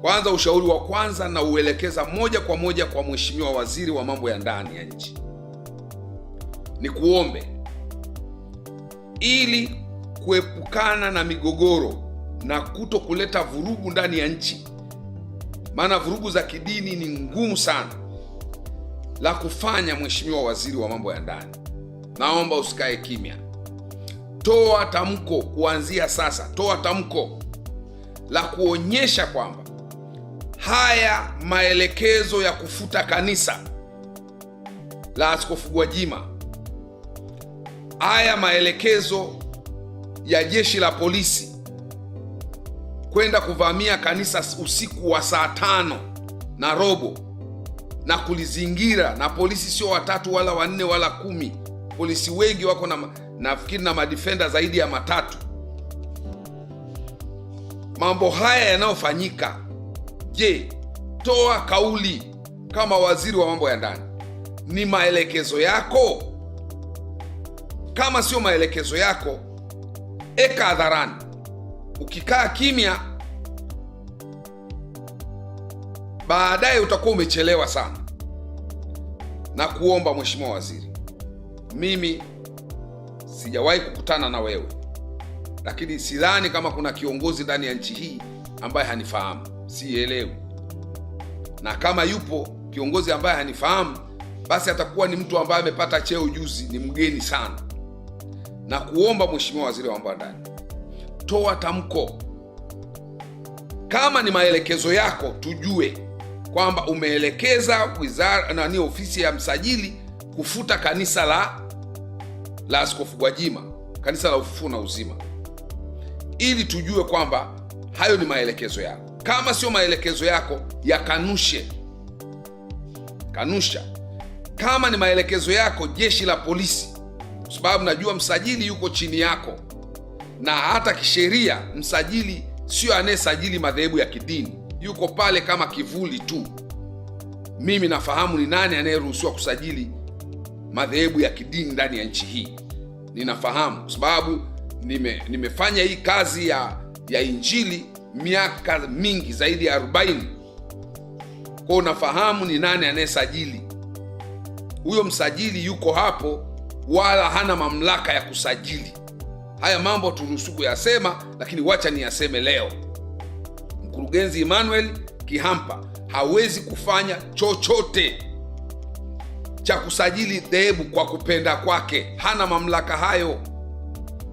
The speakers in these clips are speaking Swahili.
Kwanza, ushauri wa kwanza na uelekeza moja kwa moja kwa Mheshimiwa Waziri wa Mambo ya Ndani ya nchi, ni kuombe ili kuepukana na migogoro na kuto kuleta vurugu ndani ya nchi, maana vurugu za kidini ni ngumu sana la kufanya. Mheshimiwa Waziri wa Mambo ya Ndani, naomba usikae kimya, toa tamko kuanzia sasa, toa tamko la kuonyesha kwamba haya maelekezo ya kufuta kanisa la Askofu Gwajima, haya maelekezo ya jeshi la polisi kwenda kuvamia kanisa usiku wa saa tano na robo na kulizingira, na polisi sio watatu wala wanne wala kumi, polisi wengi wako na nafikiri na madifenda zaidi ya matatu. Mambo haya yanayofanyika Je, toa kauli kama waziri wa mambo ya ndani, ni maelekezo yako? Kama sio maelekezo yako, eka hadharani. Ukikaa kimya, baadaye utakuwa umechelewa sana. Na kuomba mweshimua Waziri, mimi sijawahi kukutana na wewe, lakini sidhani kama kuna kiongozi ndani ya nchi hii ambaye hanifahamu sielewi. Na kama yupo kiongozi ambaye hanifahamu, basi atakuwa ni mtu ambaye amepata cheo juzi, ni mgeni sana. Na kuomba Mheshimiwa Waziri wa Mambo ya Ndani, toa tamko kama ni maelekezo yako, tujue kwamba umeelekeza wizara ni ofisi ya msajili kufuta kanisa la la Askofu Gwajima, kanisa la Ufufuo na Uzima, ili tujue kwamba hayo ni maelekezo yako. Kama sio maelekezo yako, yakanushe, kanusha. Kama ni maelekezo yako, jeshi la polisi, kwa sababu najua msajili yuko chini yako, na hata kisheria msajili sio anayesajili madhehebu ya kidini, yuko pale kama kivuli tu. Mimi nafahamu ni nani anayeruhusiwa kusajili madhehebu ya kidini ndani ya nchi hii, ninafahamu kwa sababu nime, nimefanya hii kazi ya, ya Injili miaka mingi zaidi ya 40 kwa unafahamu ni nani anayesajili. Huyo msajili yuko hapo, wala hana mamlaka ya kusajili. Haya mambo turuhusu kuyasema, lakini wacha niyaseme leo. Mkurugenzi Emmanuel Kihampa hawezi kufanya chochote cha kusajili dhehebu kwa kupenda kwake. Hana mamlaka hayo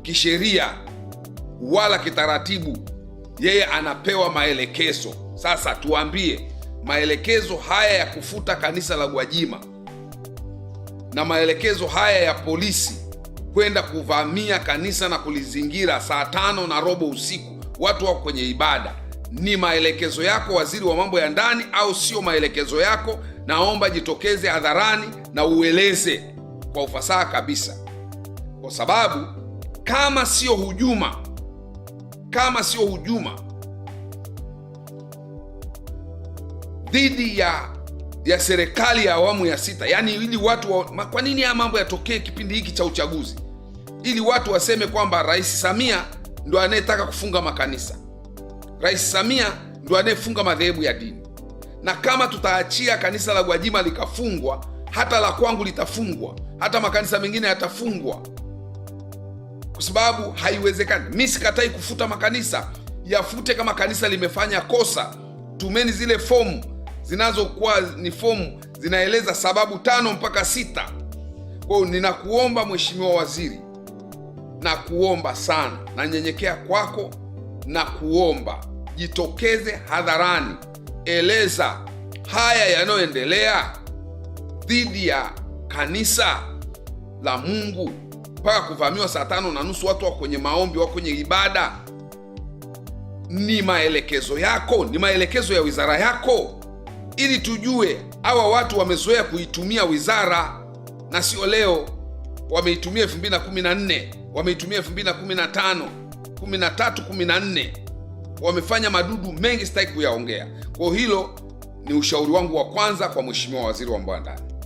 kisheria wala kitaratibu yeye anapewa maelekezo. Sasa tuambie, maelekezo haya ya kufuta kanisa la Gwajima na maelekezo haya ya polisi kwenda kuvamia kanisa na kulizingira saa tano na robo usiku, watu wako kwenye ibada, ni maelekezo yako waziri wa mambo ya ndani au sio maelekezo yako? Naomba jitokeze hadharani na ueleze kwa ufasaha kabisa, kwa sababu kama sio hujuma kama sio hujuma dhidi ya ya serikali ya awamu ya sita, yaani ili watu wa, kwa nini haya mambo yatokee kipindi hiki cha uchaguzi? Ili watu waseme kwamba Rais Samia ndo anayetaka kufunga makanisa, Rais Samia ndo anayefunga madhehebu ya dini. Na kama tutaachia kanisa la Gwajima likafungwa, hata la kwangu litafungwa, hata makanisa mengine yatafungwa kwa sababu haiwezekani. Mi sikatai kufuta makanisa, yafute kama kanisa limefanya kosa. Tumeni zile fomu zinazokuwa ni fomu zinaeleza sababu tano mpaka sita. Kwa hiyo ninakuomba Mheshimiwa Waziri, nakuomba sana, nanyenyekea kwako na kuomba jitokeze hadharani, eleza haya yanayoendelea dhidi ya kanisa la Mungu mpaka kuvamiwa saa tano na nusu, watu wako kwenye maombi, wako kwenye ibada. Ni maelekezo yako, ni maelekezo ya wizara yako, ili tujue. Hawa watu wamezoea kuitumia wizara na sio leo. Wameitumia 2014 wameitumia 2015 13 wamefanya madudu mengi, sitaki kuyaongea. kwao hilo ni ushauri wangu wa kwanza kwa mheshimiwa waziri wa mambo ndani.